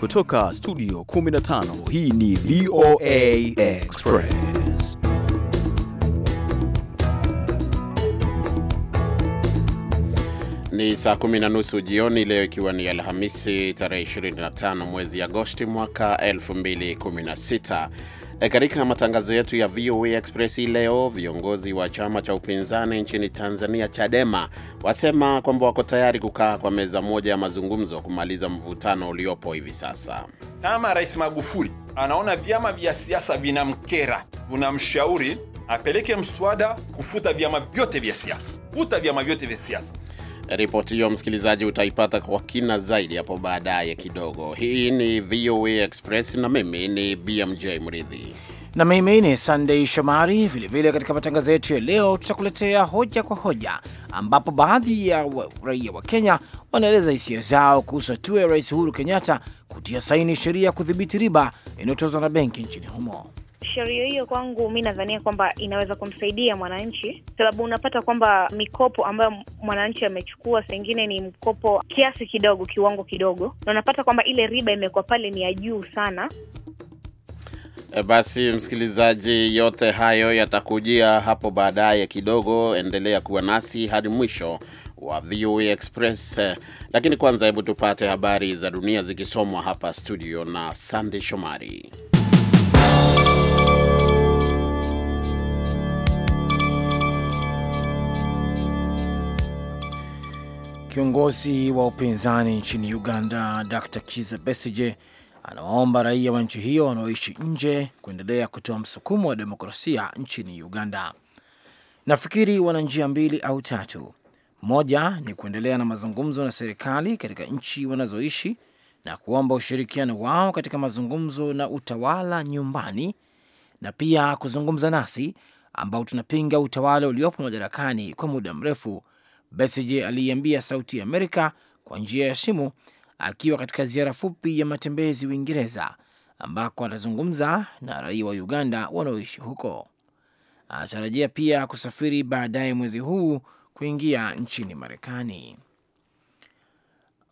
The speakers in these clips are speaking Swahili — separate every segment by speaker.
Speaker 1: Kutoka studio 15
Speaker 2: hii ni VOA Express. Ni saa kumi na nusu jioni leo, ikiwa ni Alhamisi tarehe 25 mwezi Agosti mwaka 2016. E, katika matangazo yetu ya VOA Express leo, viongozi wa chama cha upinzani nchini Tanzania Chadema wasema kwamba wako tayari kukaa kwa meza moja ya mazungumzo kumaliza mvutano uliopo hivi sasa.
Speaker 3: Kama Rais Magufuli anaona vyama vya siasa vinamkera, unamshauri apeleke mswada kufuta vyama vyote vya siasa, futa vyama vyote vya siasa
Speaker 2: Ripoti hiyo msikilizaji, utaipata kwa kina zaidi hapo baadaye kidogo. Hii ni VOA Express na mimi ni BMJ Mridhi
Speaker 4: na mimi ni Sandei Shomari. Vilevile katika matangazo yetu ya leo, tutakuletea hoja kwa hoja, ambapo baadhi ya raia wa Kenya wanaeleza hisia zao kuhusu hatua ya Rais Uhuru Kenyatta kutia saini sheria ya kudhibiti riba inayotozwa na benki nchini humo.
Speaker 5: Sheria hiyo kwangu mi nadhania kwamba inaweza kumsaidia mwananchi, sababu unapata kwamba mikopo ambayo mwananchi amechukua sengine ni mkopo kiasi kidogo, kiwango kidogo, na unapata kwamba ile riba imekuwa pale ni ya juu sana.
Speaker 2: E, basi msikilizaji, yote hayo yatakujia hapo baadaye kidogo. Endelea kuwa nasi hadi mwisho wa VOA Express, lakini kwanza, hebu tupate habari za dunia zikisomwa hapa studio na Sandey Shomari.
Speaker 4: Kiongozi wa upinzani nchini Uganda Dr. Kiza Besige anawaomba raia wa nchi hiyo wanaoishi nje kuendelea kutoa msukumo wa demokrasia nchini Uganda. Nafikiri wana njia mbili au tatu. Moja ni kuendelea na mazungumzo na serikali katika nchi wanazoishi na kuomba ushirikiano wao katika mazungumzo na utawala nyumbani, na pia kuzungumza nasi ambao tunapinga utawala uliopo madarakani kwa muda mrefu Besigye aliiambia Sauti ya Amerika kwa njia ya simu akiwa katika ziara fupi ya matembezi Uingereza, ambako atazungumza na raia wa Uganda wanaoishi huko. Anatarajia pia kusafiri baadaye mwezi huu kuingia nchini Marekani.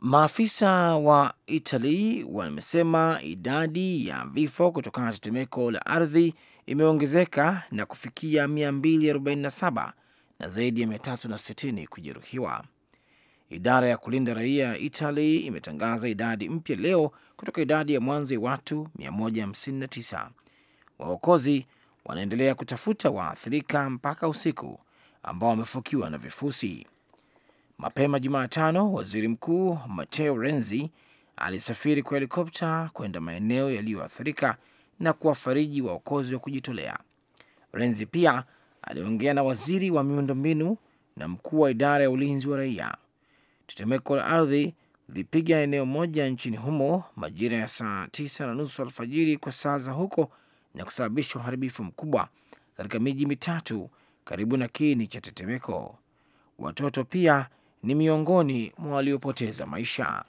Speaker 4: Maafisa wa Itali wamesema idadi ya vifo kutokana na tetemeko la ardhi imeongezeka na kufikia 247 na zaidi ya mia tatu na sitini kujeruhiwa. Idara ya kulinda raia ya itali imetangaza idadi mpya leo kutoka idadi ya mwanzo ya watu 159. Waokozi wanaendelea kutafuta waathirika mpaka usiku ambao wamefukiwa na vifusi. Mapema Jumatano, waziri mkuu Matteo Renzi alisafiri kwa helikopta kwenda maeneo yaliyoathirika na kuwafariji waokozi wa kujitolea. Renzi pia aliongea na waziri wa miundombinu na mkuu wa idara ya ulinzi wa raia. Tetemeko la ardhi lilipiga eneo moja nchini humo majira ya saa tisa na nusu alfajiri kwa saa za huko na kusababisha uharibifu mkubwa katika miji mitatu karibu na kiini cha tetemeko. Watoto pia ni miongoni mwa waliopoteza maisha.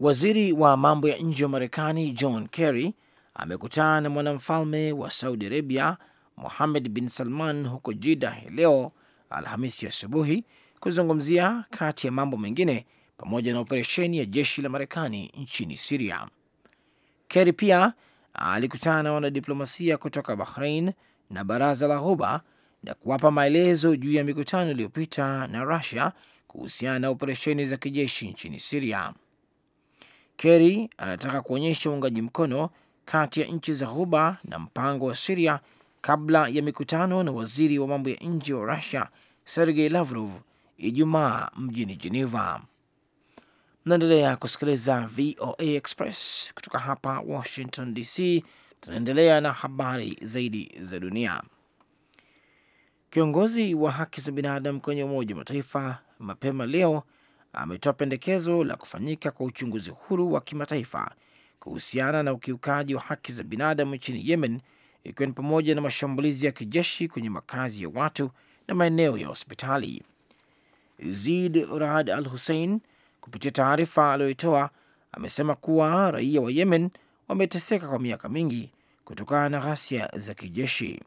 Speaker 4: Waziri wa mambo ya nje wa Marekani John Kerry amekutana na mwanamfalme wa Saudi Arabia Mohamed bin Salman huko Jida hii leo Alhamisi asubuhi kuzungumzia kati ya mambo mengine pamoja na operesheni ya jeshi la Marekani nchini Siria. Kerry pia alikutana na wanadiplomasia kutoka Bahrain na baraza la Ghuba na kuwapa maelezo juu ya mikutano iliyopita na Rusia kuhusiana na operesheni za kijeshi nchini Siria. Kerry anataka kuonyesha uungaji mkono kati ya nchi za Ghuba na mpango wa Siria kabla ya mikutano na waziri wa mambo ya nje wa Rusia Sergei Lavrov Ijumaa mjini Geneva. Mnaendelea kusikiliza VOA Express kutoka hapa Washington DC. Tunaendelea na habari zaidi za dunia. Kiongozi wa haki za binadamu kwenye Umoja wa Mataifa mapema leo ametoa pendekezo la kufanyika kwa uchunguzi huru wa kimataifa kuhusiana na ukiukaji wa haki za binadamu nchini Yemen ikiwa ni pamoja na mashambulizi ya kijeshi kwenye makazi ya watu na maeneo ya hospitali. Zid rad Al Hussein kupitia taarifa aliyoitoa amesema kuwa raia wa Yemen wameteseka kwa miaka mingi kutokana na ghasia za kijeshi.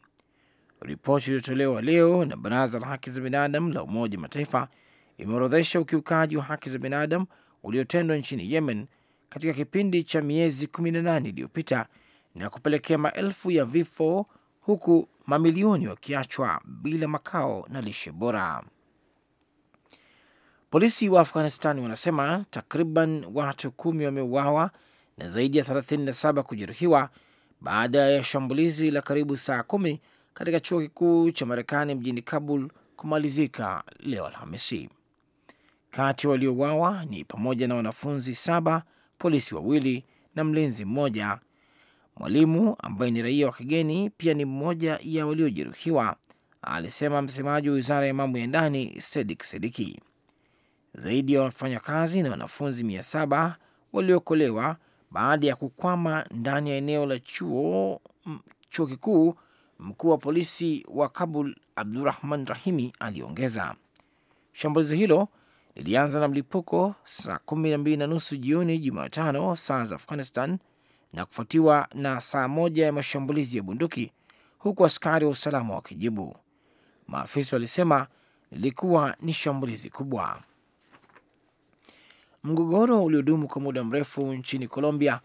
Speaker 4: Ripoti iliyotolewa leo na Baraza la Haki za Binadamu la Umoja wa Mataifa imeorodhesha ukiukaji wa haki za binadamu uliotendwa nchini Yemen katika kipindi cha miezi 18 iliyopita na kupelekea maelfu ya vifo huku mamilioni wakiachwa bila makao na lishe bora. Polisi wa afghanistan wanasema takriban watu kumi wameuawa na zaidi ya 37 kujeruhiwa baada ya shambulizi la karibu saa kumi katika chuo kikuu cha Marekani mjini Kabul kumalizika leo Alhamisi. Kati waliouawa ni pamoja na wanafunzi saba, polisi wawili na mlinzi mmoja Mwalimu ambaye ni raia wa kigeni pia ni mmoja ya waliojeruhiwa, alisema msemaji wa wizara ya mambo ya ndani Sedik Sediki. Zaidi ya wafanyakazi na wanafunzi mia saba waliokolewa baada ya kukwama ndani ya eneo la chuo, chuo kikuu. Mkuu wa polisi wa Kabul Abdurahman Rahimi aliongeza shambulizi hilo lilianza na mlipuko saa kumi na mbili na nusu jioni Jumatano saa za Afghanistan na kufuatiwa na saa moja ya mashambulizi ya bunduki huku askari wa usalama wakijibu. Maafisa walisema lilikuwa ni shambulizi kubwa. Mgogoro uliodumu kwa muda mrefu nchini Colombia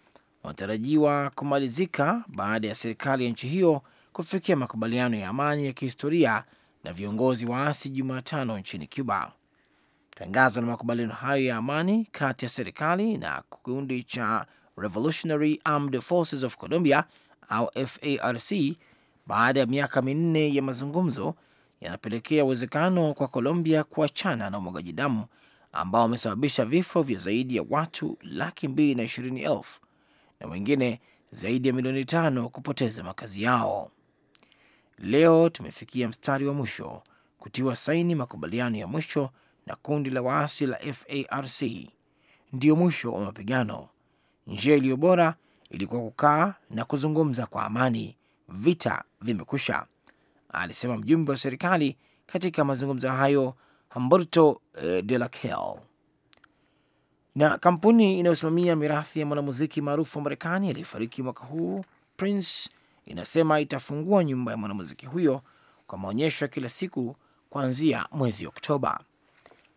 Speaker 4: unatarajiwa kumalizika baada ya serikali ya nchi hiyo kufikia makubaliano ya amani ya kihistoria na viongozi waasi Jumatano nchini Cuba. Tangazo la makubaliano hayo ya amani kati ya serikali na kikundi cha Revolutionary Armed Forces of Colombia au FARC baada ya miaka minne ya mazungumzo yanapelekea uwezekano kwa Colombia kuachana na umwagaji damu ambao wamesababisha vifo vya zaidi ya watu laki mbili na ishirini elfu na wengine zaidi ya milioni tano kupoteza makazi yao. Leo tumefikia mstari wa mwisho kutiwa saini makubaliano ya mwisho na kundi la waasi la FARC. Ndiyo mwisho wa mapigano. Njia iliyo bora ilikuwa kukaa na kuzungumza kwa amani. Vita vimekusha, alisema mjumbe wa serikali katika mazungumzo hayo Humberto eh, de la Calle. Na kampuni inayosimamia mirathi ya mwanamuziki maarufu wa Marekani aliyefariki mwaka huu Prince inasema itafungua nyumba ya mwanamuziki huyo kwa maonyesho ya kila siku kuanzia mwezi Oktoba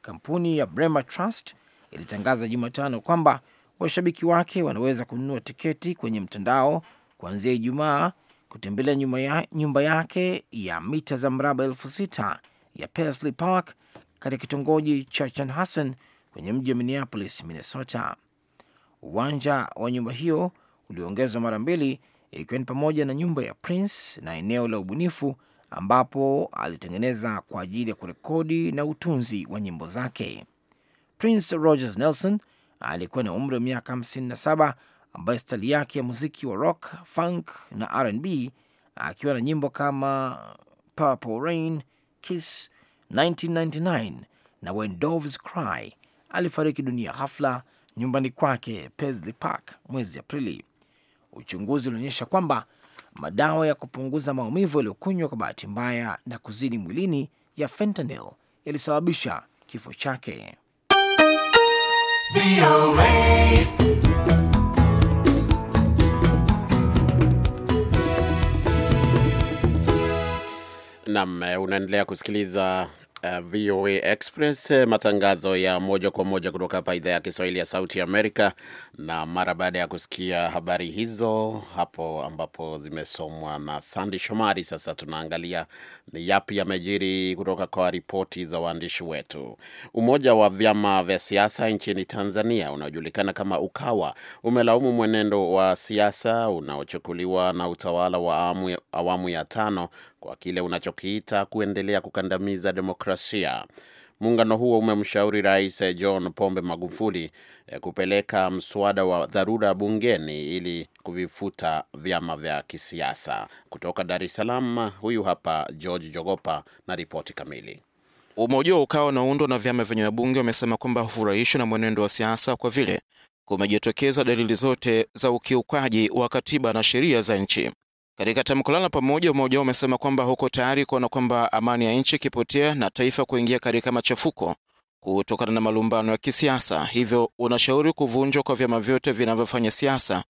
Speaker 4: kampuni ya Bremer Trust ilitangaza Jumatano kwamba washabiki wake wanaweza kununua tiketi kwenye mtandao kuanzia Ijumaa kutembelea nyumba, ya, nyumba yake ya mita za mraba elfu sita ya Paisley Park katika kitongoji cha Chanhassen kwenye mji wa Minneapolis, Minnesota. Uwanja wa nyumba hiyo ulioongezwa mara mbili, ikiwa ni pamoja na nyumba ya Prince na eneo la ubunifu ambapo alitengeneza kwa ajili ya kurekodi na utunzi wa nyimbo zake. Prince Rogers Nelson alikuwa na umri wa miaka 57 ambaye stali yake ya muziki wa rock, funk na R&B akiwa na nyimbo kama Purple Rain, Kiss, 1999 na When Doves Cry. Alifariki dunia hafla nyumbani kwake Paisley Park mwezi Aprili. Uchunguzi ulionyesha kwamba madawa ya kupunguza maumivu yaliyokunywa kwa bahati mbaya na kuzidi mwilini ya fentanyl yalisababisha kifo chake.
Speaker 2: Nam, eh, unaendelea kusikiliza Uh, VOA Express, eh, matangazo ya moja kwa moja kutoka hapa idhaa ya Kiswahili ya Sauti ya Amerika. Na mara baada ya kusikia habari hizo hapo ambapo zimesomwa na Sandi Shomari, sasa tunaangalia ni yapi yamejiri kutoka kwa ripoti za waandishi wetu. Umoja wa vyama vya siasa nchini Tanzania unaojulikana kama Ukawa umelaumu mwenendo wa siasa unaochukuliwa na utawala wa awamu ya tano kwa kile unachokiita kuendelea kukandamiza demokrasia. Muungano huo umemshauri Rais John Pombe Magufuli eh, kupeleka mswada wa dharura bungeni ili kuvifuta vyama vya kisiasa. Kutoka Dar es Salaam, huyu hapa George Jogopa na ripoti kamili.
Speaker 1: Umoja wa Ukawa unaundwa na vyama vyenye wabunge wamesema kwamba hufurahishwa na mwenendo wa siasa kwa vile kumejitokeza dalili zote za ukiukaji wa katiba na sheria za nchi. Katika tamko lao la pamoja, umoja umesema kwamba huko tayari kuona kwamba amani ya nchi ikipotea na taifa kuingia katika machafuko kutokana na malumbano ya kisiasa, hivyo unashauri kuvunjwa kwa vyama vyote vinavyofanya siasa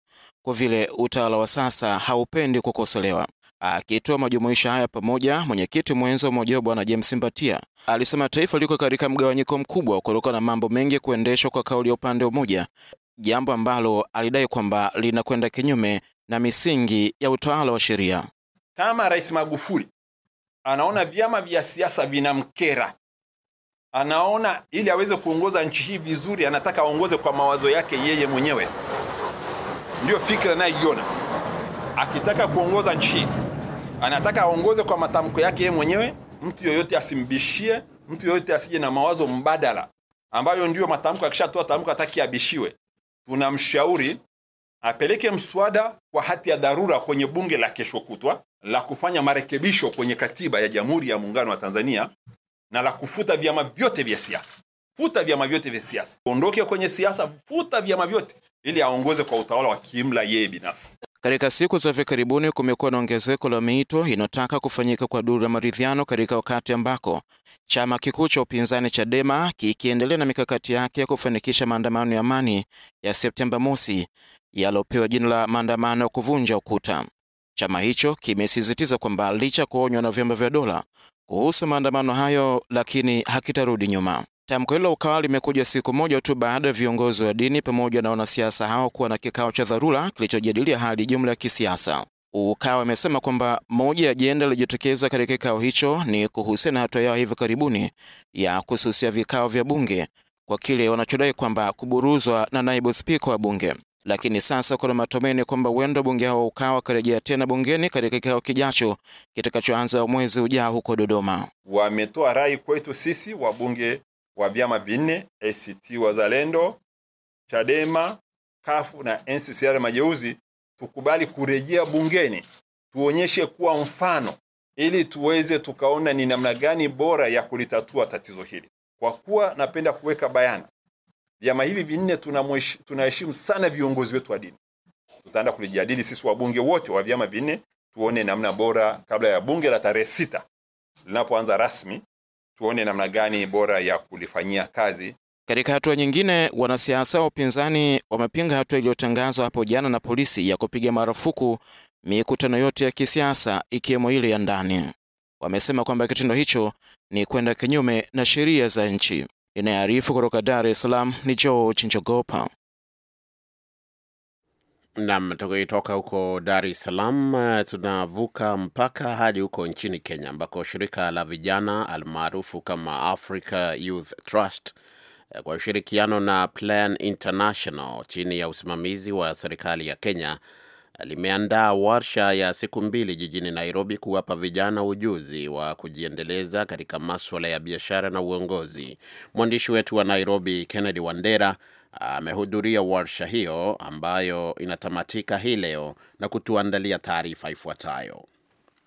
Speaker 1: kwa vile utawala wa sasa haupendi kukosolewa. Akitoa majumuisho haya pamoja, mwenyekiti mwenzi wa umoja huo Bwana James Mbatia alisema taifa liko katika mgawanyiko mkubwa kutokana na mambo mengi kuendeshwa kwa kauli ya upande mmoja, jambo ambalo alidai kwamba linakwenda kinyume na misingi ya utawala wa sheria.
Speaker 3: Kama Rais Magufuli anaona vyama vya siasa vinamkera, anaona ili aweze kuongoza nchi hii vizuri, anataka aongoze kwa mawazo yake yeye mwenyewe, ndiyo fikra anayoiona. Akitaka kuongoza nchi hii, anataka aongoze kwa matamko yake yeye mwenyewe. Mtu yoyote asimbishie, mtu yoyote asije na mawazo mbadala, ambayo ndiyo matamko. Akishatoa tamko ataki abishiwe. Tunamshauri apeleke mswada kwa hati ya dharura kwenye bunge la kesho kutwa la kufanya marekebisho kwenye katiba ya Jamhuri ya Muungano wa Tanzania na la kufuta vyama vyote vya siasa. Futa vyama vyote vya siasa, ondoke kwenye siasa, futa vyama vyote ili aongoze kwa utawala wa kiimla yeye
Speaker 6: binafsi.
Speaker 1: Katika siku za hivi karibuni kumekuwa na ongezeko la miito inayotaka kufanyika kwa duru ya maridhiano katika wakati ambako chama kikuu cha upinzani Chadema kikiendelea na mikakati yake ya kufanikisha maandamano ya amani ya Septemba mosi yalopewa jina la maandamano ya kuvunja ukuta. Chama hicho kimesisitiza kwamba licha kuonywa na vyombo vya dola kuhusu maandamano hayo, lakini hakitarudi nyuma. Tamko hilo ukawa limekuja siku moja tu baada ya viongozi wa dini pamoja na wanasiasa hao kuwa na kikao cha dharura kilichojadilia hali jumla ya kisiasa. Ukawa amesema kwamba moja ya ajenda ilijitokeza katika kikao hicho ni kuhusiana na hatua yao hivi karibuni ya kususia vikao vya bunge kwa kile wanachodai kwamba kuburuzwa na naibu spika wa bunge lakini sasa kuna matumaini kwamba huenda bunge hao ukawa wakarejea tena bungeni katika kikao kijacho kitakachoanza mwezi ujao huko Dodoma.
Speaker 3: Wametoa rai kwetu sisi wabunge wa vyama vinne ACT Wazalendo, Chadema, Kafu na NCCR Mageuzi, tukubali kurejea bungeni, tuonyeshe kuwa mfano, ili tuweze tukaona ni namna gani bora ya kulitatua tatizo hili. Kwa kuwa napenda kuweka bayana vyama hivi vinne tunaheshimu sana viongozi wetu wa dini. Tutaenda kulijadili sisi wabunge wote wa vyama vinne, tuone namna bora kabla ya bunge la tarehe sita linapoanza rasmi, tuone namna gani bora ya kulifanyia kazi.
Speaker 1: Katika hatua nyingine, wanasiasa wa upinzani wamepinga hatua iliyotangazwa hapo jana na polisi ya kupiga marufuku mikutano yote ya kisiasa ikiwemo ile ya ndani. Wamesema kwamba kitendo hicho ni kwenda kinyume na sheria za nchi. Inayoarifu kutoka Dar
Speaker 2: es Salaam ni George Njogopa. Nam, tukitoka huko Dar es Salaam eh, tunavuka mpaka hadi huko nchini Kenya, ambako shirika la vijana almaarufu kama Africa Youth Trust eh, kwa ushirikiano na Plan International chini ya usimamizi wa serikali ya Kenya limeandaa warsha ya siku mbili jijini Nairobi kuwapa vijana ujuzi wa kujiendeleza katika maswala ya biashara na uongozi. Mwandishi wetu wa Nairobi, Kennedy Wandera, amehudhuria warsha hiyo ambayo inatamatika hii leo na kutuandalia taarifa ifuatayo.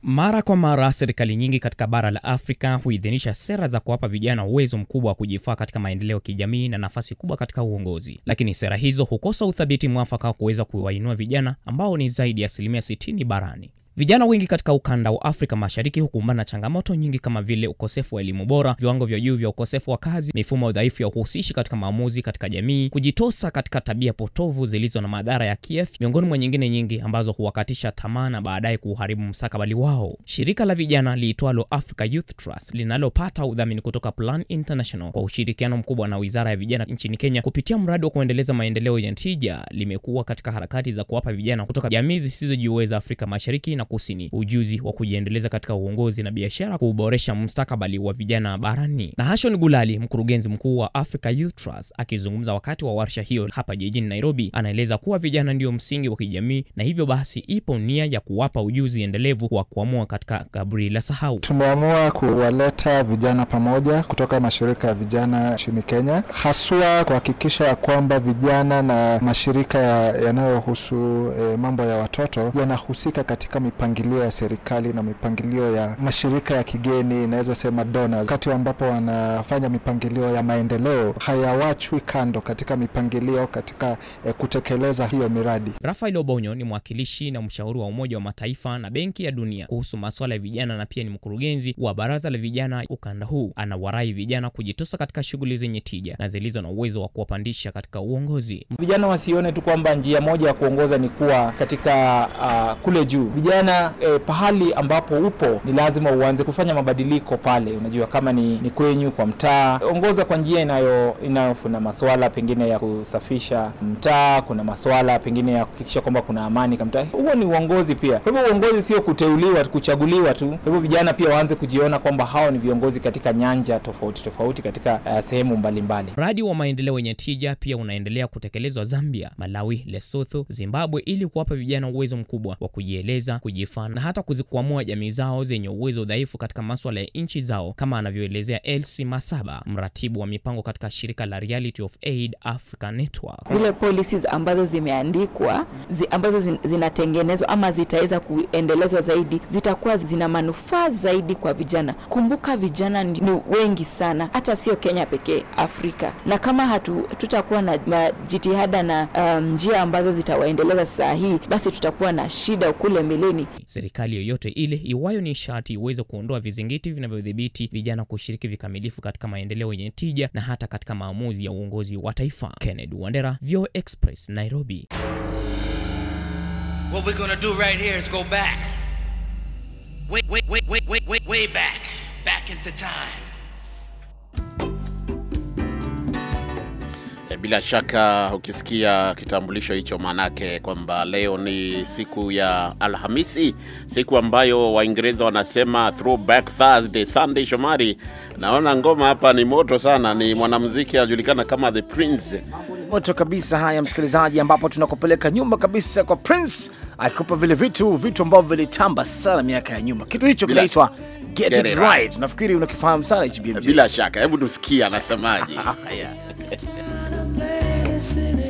Speaker 7: Mara kwa mara serikali nyingi katika bara la Afrika huidhinisha sera za kuwapa vijana uwezo mkubwa wa kujifaa katika maendeleo ya kijamii na nafasi kubwa katika uongozi, lakini sera hizo hukosa uthabiti mwafaka wa kuweza kuwainua vijana ambao ni zaidi ya asilimia 60 barani. Vijana wengi katika ukanda wa Afrika Mashariki hukumbana na changamoto nyingi kama vile ukosefu wa elimu bora, viwango vya juu vya ukosefu wa kazi, mifumo dhaifu ya uhusishi katika maamuzi katika jamii, kujitosa katika tabia potovu zilizo na madhara ya kiafya, miongoni mwa nyingine nyingi ambazo huwakatisha tamaa na baadaye kuharibu mstakabali wao. Shirika la vijana liitwalo Africa Youth Trust linalopata udhamini kutoka Plan International kwa ushirikiano mkubwa na Wizara ya Vijana nchini Kenya kupitia mradi wa kuendeleza maendeleo ya tija limekuwa katika harakati za kuwapa vijana kutoka jamii zisizojiweza Afrika Mashariki China Kusini ujuzi wa kujiendeleza katika uongozi na biashara kuboresha mstakabali wa vijana barani. Nahashon Gulali, mkurugenzi mkuu wa Africa Youth Trust, akizungumza wakati wa warsha hiyo hapa jijini Nairobi, anaeleza kuwa vijana ndio msingi wa kijamii na hivyo basi ipo nia ya kuwapa ujuzi endelevu wa kuamua katika kaburi la sahau.
Speaker 1: Tumeamua kuwaleta vijana pamoja kutoka mashirika ya vijana nchini Kenya, haswa kuhakikisha ya kwamba vijana na mashirika yanayohusu e, mambo ya watoto yanahusika katika mipangilio ya serikali na mipangilio ya mashirika ya kigeni, inaweza sema donors, wakati ambapo wanafanya mipangilio ya maendeleo hayawachwi
Speaker 7: kando katika mipangilio katika eh, kutekeleza hiyo miradi. Rafael Obonyo ni mwakilishi na mshauri wa Umoja wa Mataifa na Benki ya Dunia kuhusu masuala ya vijana na pia ni mkurugenzi wa Baraza la Vijana ukanda huu. Anawarai vijana kujitosa katika shughuli zenye tija na zilizo na uwezo wa kuwapandisha katika uongozi.
Speaker 4: Vijana wasione tu kwamba njia moja ya kuongoza ni kuwa katika uh, kule juu vijana kulingana eh, pahali ambapo upo ni lazima uanze kufanya mabadiliko pale. Unajua, kama ni, ni kwenyu kwa mtaa, ongoza kwa njia inayo inayofuna masuala pengine ya kusafisha mtaa, kuna masuala pengine ya kuhakikisha kwamba kuna amani
Speaker 7: kwa mtaa. Huo ni uongozi pia. Kwa hivyo uongozi sio kuteuliwa, kuchaguliwa tu. Kwa hivyo vijana pia waanze kujiona kwamba hao ni viongozi katika nyanja tofauti tofauti, katika uh, sehemu mbalimbali. Mradi wa maendeleo yenye tija pia unaendelea kutekelezwa Zambia, Malawi, Lesotho, Zimbabwe ili kuwapa vijana uwezo mkubwa wa kujieleza kuj kujifana na hata kuzikwamua jamii zao zenye uwezo dhaifu katika maswala ya nchi zao, kama anavyoelezea Elsie Masaba, mratibu wa mipango katika shirika la Reality of Aid Africa Network. Zile policies ambazo zimeandikwa zi, ambazo zin, zinatengenezwa ama zitaweza kuendelezwa zaidi zitakuwa zina manufaa zaidi kwa vijana. Kumbuka vijana ni, ni wengi sana, hata sio Kenya pekee, Afrika, na kama hatu tutakuwa na jitihada na um, njia ambazo zitawaendeleza saa hii, basi tutakuwa na shida kule mbeleni mitaani. Serikali yoyote ile iwayo ni sharti iweze kuondoa vizingiti vinavyodhibiti vijana kushiriki vikamilifu katika maendeleo yenye tija na hata katika maamuzi ya uongozi wa taifa. Kennedy Wandera, Vio Express, Nairobi.
Speaker 4: What we're gonna do right here is go back. Way, way, way, way, way, way back. Back into time.
Speaker 2: Bila shaka ukisikia kitambulisho hicho, maanake kwamba leo ni siku ya Alhamisi, siku ambayo Waingereza wanasema throwback Thursday. Sunday Shomari, naona ngoma hapa ni moto sana, ni mwanamuziki anajulikana kama The Prince.
Speaker 4: Moto kabisa. Haya msikilizaji, ambapo tunakupeleka nyuma kabisa kwa Prince akikupa vile vitu vitu ambavyo vilitamba sana miaka ya nyuma. Kitu hicho kinaitwa Get It Right. Nafikiri unakifahamu sana hichi. Bila shaka, hebu tusikie anasemaje.
Speaker 6: medicine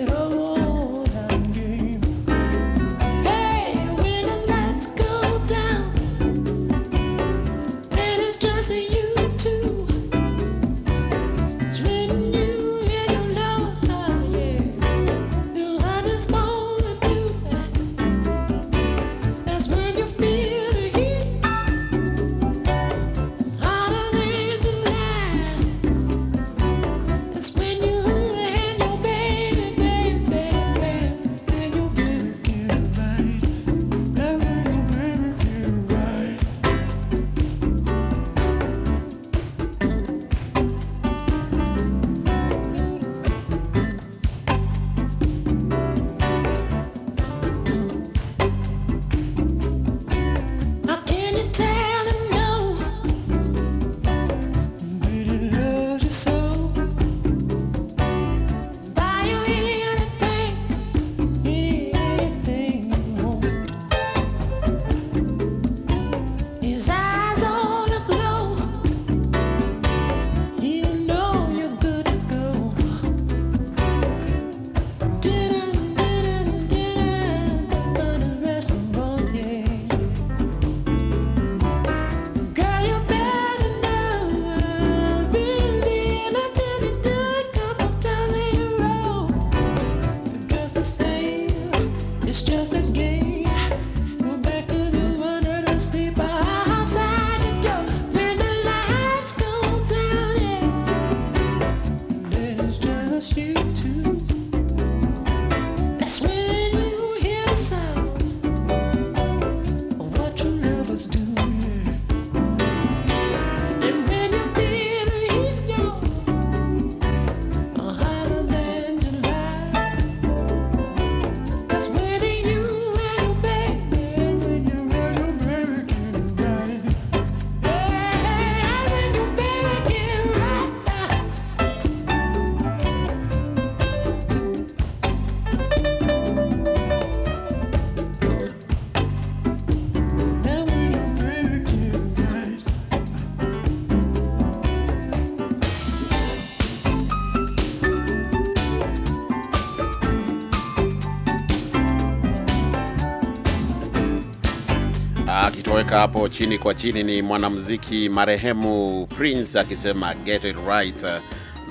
Speaker 2: Kutoka hapo chini kwa chini ni mwanamuziki marehemu Prince akisema get it right,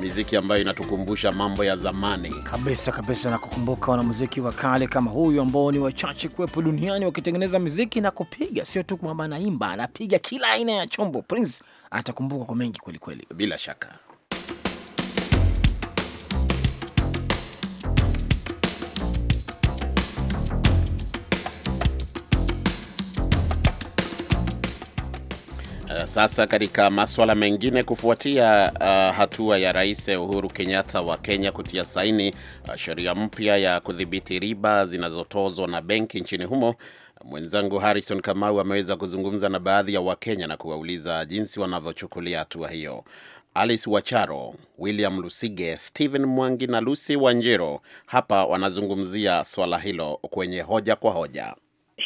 Speaker 2: muziki ambayo inatukumbusha mambo ya zamani
Speaker 4: kabisa kabisa, na kukumbuka wanamuziki wa kale kama huyu ambao ni wachache kuwepo duniani wakitengeneza muziki na kupiga, sio tu kwamba anaimba, anapiga kila aina ya chombo. Prince atakumbukwa kwa mengi kwelikweli, bila shaka.
Speaker 2: Sasa katika maswala mengine, kufuatia uh, hatua ya Rais Uhuru Kenyatta wa Kenya kutia saini uh, sheria mpya ya kudhibiti riba zinazotozwa na benki nchini humo, mwenzangu Harrison Kamau ameweza kuzungumza na baadhi ya Wakenya na kuwauliza jinsi wanavyochukulia hatua hiyo. Alice Wacharo, William Lusige, Stephen Mwangi na Lucy Wanjiro hapa wanazungumzia swala hilo kwenye hoja kwa hoja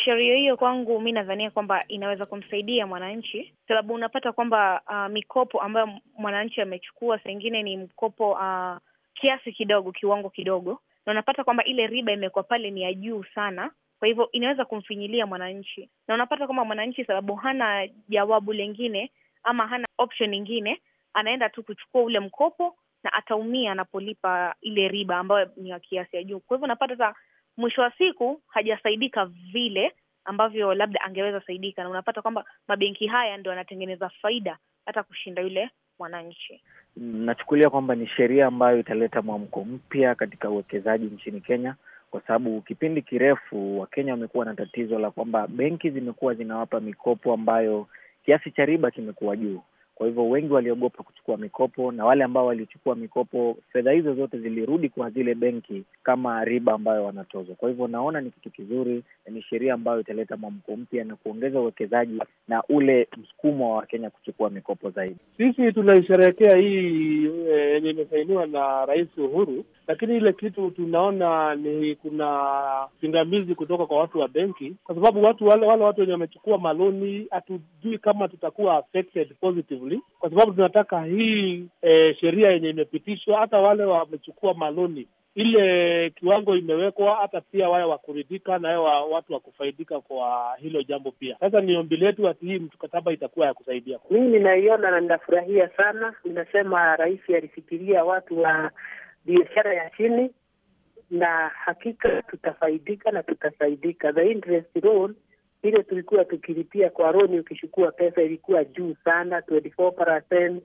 Speaker 5: sheria hiyo kwangu mi nadhania kwamba inaweza kumsaidia mwananchi, sababu unapata kwamba uh, mikopo ambayo mwananchi amechukua sengine ni mkopo uh, kiasi kidogo, kiwango kidogo, na unapata kwamba ile riba imekuwa pale ni ya juu sana kwa hivyo inaweza kumfinyilia mwananchi, na unapata kwamba mwananchi, sababu hana jawabu lingine ama hana option ingine, anaenda tu kuchukua ule mkopo na ataumia anapolipa ile riba ambayo ni ya kiasi ya juu. Kwa hivyo unapata hata mwisho wa siku hajasaidika vile ambavyo labda angeweza saidika, na unapata kwamba mabenki haya ndio yanatengeneza faida hata kushinda yule mwananchi.
Speaker 8: Nachukulia kwamba ni sheria ambayo italeta mwamko mpya katika uwekezaji nchini Kenya, kwa sababu kipindi kirefu Wakenya wamekuwa na tatizo la kwamba benki zimekuwa zinawapa mikopo ambayo kiasi cha riba kimekuwa juu. Kwa hivyo wengi waliogopa kuchukua mikopo, na wale ambao walichukua mikopo, fedha hizo zote zilirudi kwa zile benki kama riba ambayo wanatozwa. Kwa hivyo naona ni kitu kizuri, ni sheria ambayo italeta mwamko mpya na kuongeza uwekezaji na ule msukumo wa Wakenya kuchukua mikopo zaidi. Sisi tunaisherehekea hii eh, yenye imesainiwa na Rais Uhuru lakini ile kitu tunaona ni kuna pingamizi kutoka kwa watu wa benki, kwa sababu watu wale wale watu wenye wamechukua maloni, hatujui kama tutakuwa affected positively, kwa sababu tunataka hii e, sheria yenye imepitishwa, hata wale wamechukua maloni ile kiwango imewekwa hata pia wale wakuridhika na wa watu wakufaidika kwa hilo jambo pia. Sasa ni ombi letu ati hii mkataba itakuwa ya kusaidia. Mimi ninaiona na ninafurahia sana. Ninasema rais alifikiria watu wa biashara ya chini, na hakika tutafaidika na tutasaidika. The interest loan ile tulikuwa tukilipia kwa roni ukishukua pesa ilikuwa juu sana, 24%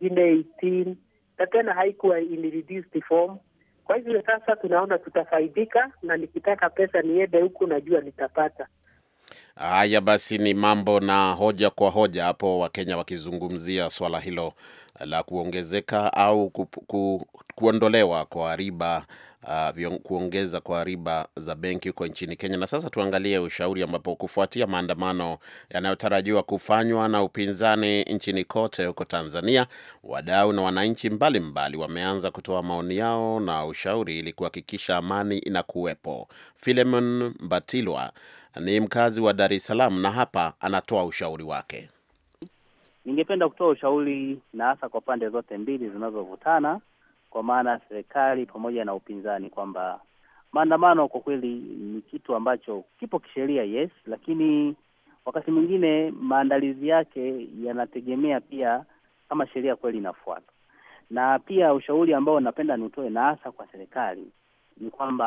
Speaker 8: ile 18 na tena haikuwa in reduced form. Kwa hivyo sasa tunaona tutafaidika, na nikitaka pesa niende huku najua nitapata.
Speaker 2: Haya basi, ni mambo na hoja kwa hoja hapo, Wakenya wakizungumzia swala hilo la kuongezeka au ku, ku, kuondolewa kwa riba uh, vion, kuongeza kwa riba za benki huko nchini Kenya. Na sasa tuangalie ushauri ambapo kufuatia maandamano yanayotarajiwa kufanywa na upinzani nchini kote huko Tanzania, wadau na wananchi mbalimbali wameanza kutoa maoni yao na ushauri ili kuhakikisha amani inakuwepo. Filemon Batilwa ni mkazi wa Dar es Salaam na hapa anatoa ushauri wake.
Speaker 8: Ningependa kutoa ushauri na hasa kwa pande zote mbili zinazovutana, kwa maana serikali pamoja na upinzani, kwamba maandamano kwa kweli ni kitu ambacho kipo kisheria, yes, lakini wakati mwingine maandalizi yake yanategemea pia kama sheria kweli inafuatwa. Na pia ushauri ambao napenda niutoe na hasa kwa serikali ni kwamba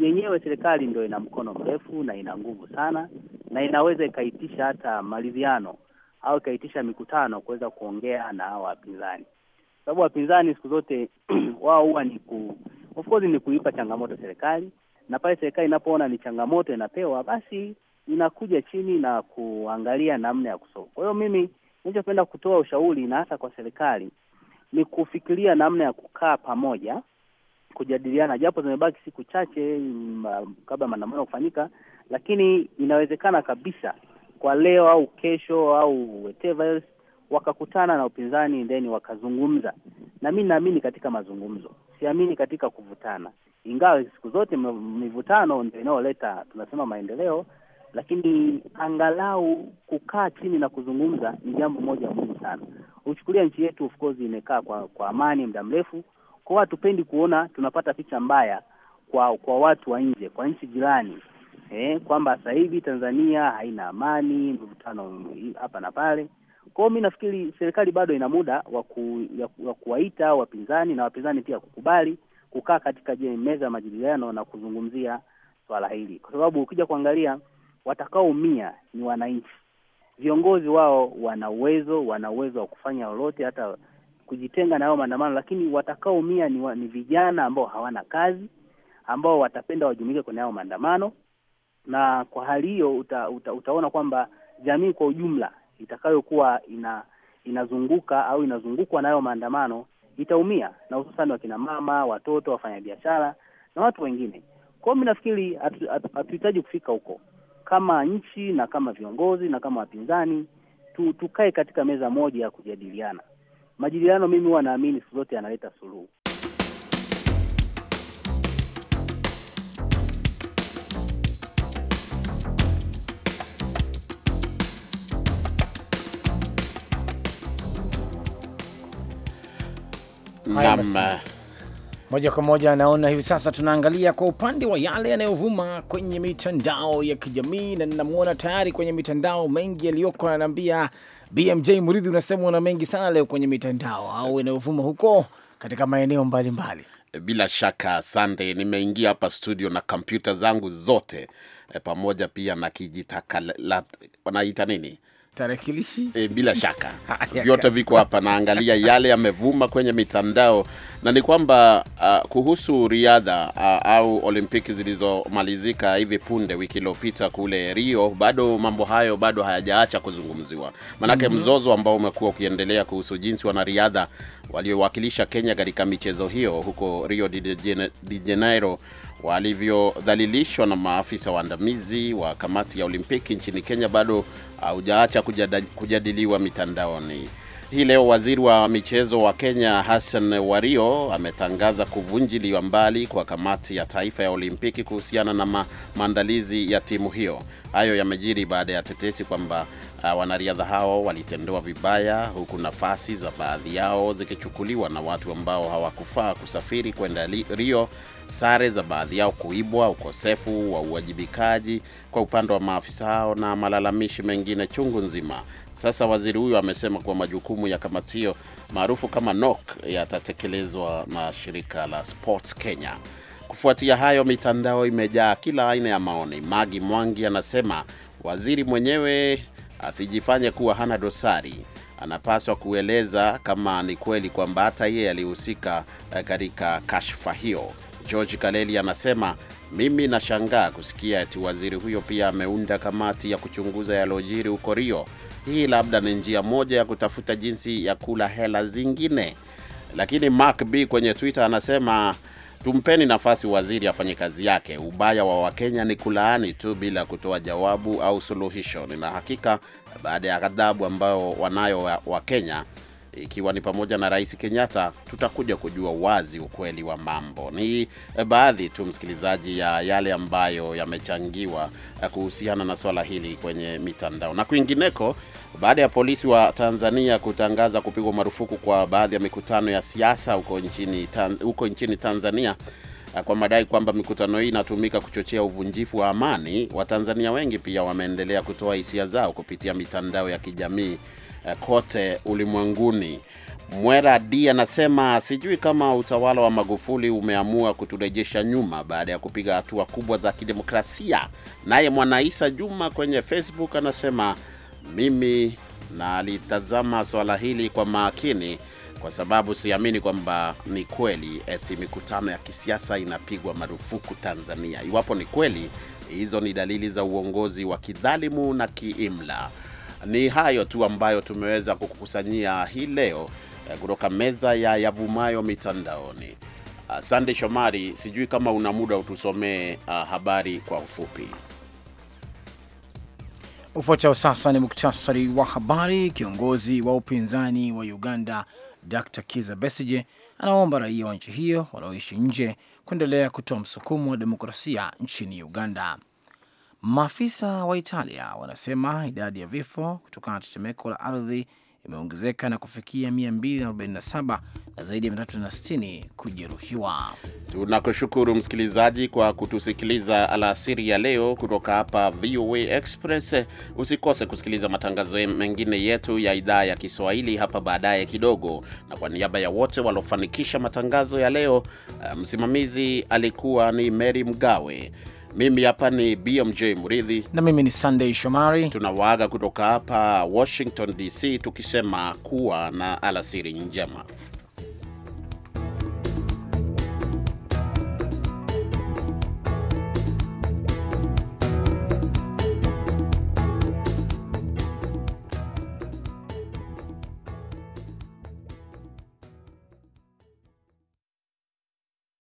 Speaker 8: yenyewe serikali ndio ina mkono mrefu na ina nguvu sana, na inaweza ikaitisha hata maridhiano au ikaitisha mikutano kuweza kuongea na wapinzani, sababu wapinzani siku zote wao huwa ni ku, of course ni kuipa changamoto serikali, na pale serikali inapoona ni changamoto inapewa, basi inakuja chini na kuangalia namna ya kusolve. Kwa hiyo mimi ninachopenda kutoa ushauri na hasa kwa serikali ni kufikiria namna ya kukaa pamoja kujadiliana, japo zimebaki siku chache mm, ah, kabla maandamano kufanyika, lakini inawezekana kabisa kwa leo au kesho au whatever else wakakutana na upinzani then wakazungumza, na mi naamini katika mazungumzo, siamini katika kuvutana, ingawa siku zote mivutano ndio inayoleta tunasema maendeleo, lakini angalau kukaa chini na kuzungumza ni jambo moja muhimu sana. Uchukulia nchi yetu of course imekaa kwa, kwa amani muda mrefu kwa hiyo hatupendi kuona tunapata picha mbaya kwa kwa watu wa nje, kwa nchi jirani eh, kwamba sasa hivi Tanzania haina amani, mvutano hapa na pale. Kwa mi nafikiri serikali bado ina muda wa kuwaita wapinzani na wapinzani pia kukubali kukaa katika meza ya majadiliano na kuzungumzia swala hili, kwa sababu ukija kuangalia watakaoumia ni wananchi. Viongozi wao wana uwezo, wana uwezo wa kufanya lolote, hata kujitenga na hayo maandamano, lakini watakaoumia ni, ni vijana ambao hawana kazi ambao watapenda wajumuike kwenye hayo maandamano, na kwa hali hiyo uta, uta, utaona kwamba jamii kwa ujumla itakayokuwa ina inazunguka au inazungukwa na hayo maandamano itaumia, na hususani wakina mama, watoto, wafanyabiashara na watu wengine. Kwa hiyo mimi nafikiri hatuhitaji kufika huko kama nchi na kama viongozi na kama wapinzani tu, tukae katika meza moja ya kujadiliana Majadiliano mimi huwa naamini siku zote yanaleta suluhu.
Speaker 2: Nam,
Speaker 4: moja kwa moja. Naona hivi sasa tunaangalia kwa upande wa yale yanayovuma kwenye mitandao ya kijamii, na ninamwona tayari kwenye mitandao mengi yaliyoko, ananiambia BMJ Muridhi, unasema una mengi sana leo kwenye mitandao au yanayovuma huko katika maeneo mbalimbali.
Speaker 2: Bila shaka sande nimeingia hapa studio na kompyuta zangu zote eh, pamoja pia na kijitakala wanaita nini tarakilishi e, bila shaka vyote viko hapa. Naangalia yale yamevuma kwenye mitandao na ni kwamba uh, kuhusu riadha uh, au olimpiki zilizomalizika hivi punde wiki iliyopita kule Rio, bado mambo hayo bado hayajaacha kuzungumziwa, manake mm -hmm. mzozo ambao umekuwa ukiendelea kuhusu jinsi wanariadha waliowakilisha Kenya katika michezo hiyo huko Rio de Janeiro walivyodhalilishwa na maafisa waandamizi wa kamati ya Olimpiki nchini Kenya bado haujaacha kujadiliwa mitandaoni. Hii leo waziri wa michezo wa Kenya Hassan Wario ametangaza kuvunjiliwa mbali kwa kamati ya taifa ya Olimpiki kuhusiana na maandalizi ya timu hiyo. Hayo yamejiri baada ya tetesi kwamba uh, wanariadha hao walitendewa vibaya, huku nafasi za baadhi yao zikichukuliwa na watu ambao hawakufaa kusafiri kwenda Rio sare za baadhi yao kuibwa, ukosefu wa uwajibikaji kwa upande wa maafisa hao na malalamishi mengine chungu nzima. Sasa waziri huyo amesema kuwa majukumu ya kamati hiyo maarufu kama NOC yatatekelezwa na shirika la Sports Kenya. Kufuatia hayo, mitandao imejaa kila aina ya maoni. Magi Mwangi anasema waziri mwenyewe asijifanye kuwa hana dosari, anapaswa kueleza kama ni kweli kwamba hata yeye alihusika eh, katika kashfa hiyo. George Kaleli anasema mimi nashangaa kusikia ati waziri huyo pia ameunda kamati ya kuchunguza yaliojiri huko Rio. Hii labda ni njia moja ya kutafuta jinsi ya kula hela zingine. Lakini Mark B kwenye Twitter anasema tumpeni nafasi waziri afanye kazi yake. Ubaya wa Wakenya ni kulaani tu bila kutoa jawabu au suluhisho. Nina hakika baada ya ghadhabu ambayo wanayo Wakenya wa ikiwa ni pamoja na Rais Kenyatta, tutakuja kujua wazi ukweli wa mambo. Ni eh, baadhi tu, msikilizaji, ya yale ambayo yamechangiwa eh, kuhusiana na swala hili kwenye mitandao na kwingineko. Baada ya polisi wa Tanzania kutangaza kupigwa marufuku kwa baadhi ya mikutano ya siasa huko nchini, huko nchini Tanzania kwa madai kwamba mikutano hii inatumika kuchochea uvunjifu wa amani. Watanzania wengi pia wameendelea kutoa hisia zao kupitia mitandao ya kijamii eh, kote ulimwenguni. Mwera D anasema sijui kama utawala wa Magufuli umeamua kuturejesha nyuma baada ya kupiga hatua kubwa za kidemokrasia. Naye Mwanaisa Juma kwenye Facebook anasema mimi nalitazama swala hili kwa makini kwa sababu siamini kwamba ni kweli eti mikutano ya kisiasa inapigwa marufuku Tanzania. Iwapo ni kweli, hizo ni dalili za uongozi wa kidhalimu na kiimla. Ni hayo tu ambayo tumeweza kukusanyia hii leo eh, kutoka meza ya yavumayo mitandaoni. Ah, sande Shomari, sijui kama una muda utusomee ah, habari kwa ufupi.
Speaker 4: Ufuatao sasa ni muktasari wa habari. Kiongozi wa upinzani wa Uganda Dr Kiza Besige anaomba raia wa nchi hiyo wanaoishi nje kuendelea kutoa msukumo wa demokrasia nchini Uganda. Maafisa wa Italia wanasema idadi ya vifo kutokana na tetemeko la ardhi imeongezeka na kufikia 247 na zaidi ya 360 kujeruhiwa.
Speaker 2: Tunakushukuru msikilizaji kwa kutusikiliza alasiri ya leo kutoka hapa VOA Express. Usikose kusikiliza matangazo mengine yetu ya idhaa ya Kiswahili hapa baadaye kidogo, na kwa niaba ya wote waliofanikisha matangazo ya leo, eh, msimamizi alikuwa ni Mary Mgawe. Mimi hapa ni BMJ Muridhi na mimi ni Sunday Shomari. Tunawaaga kutoka hapa Washington DC tukisema kuwa na alasiri njema.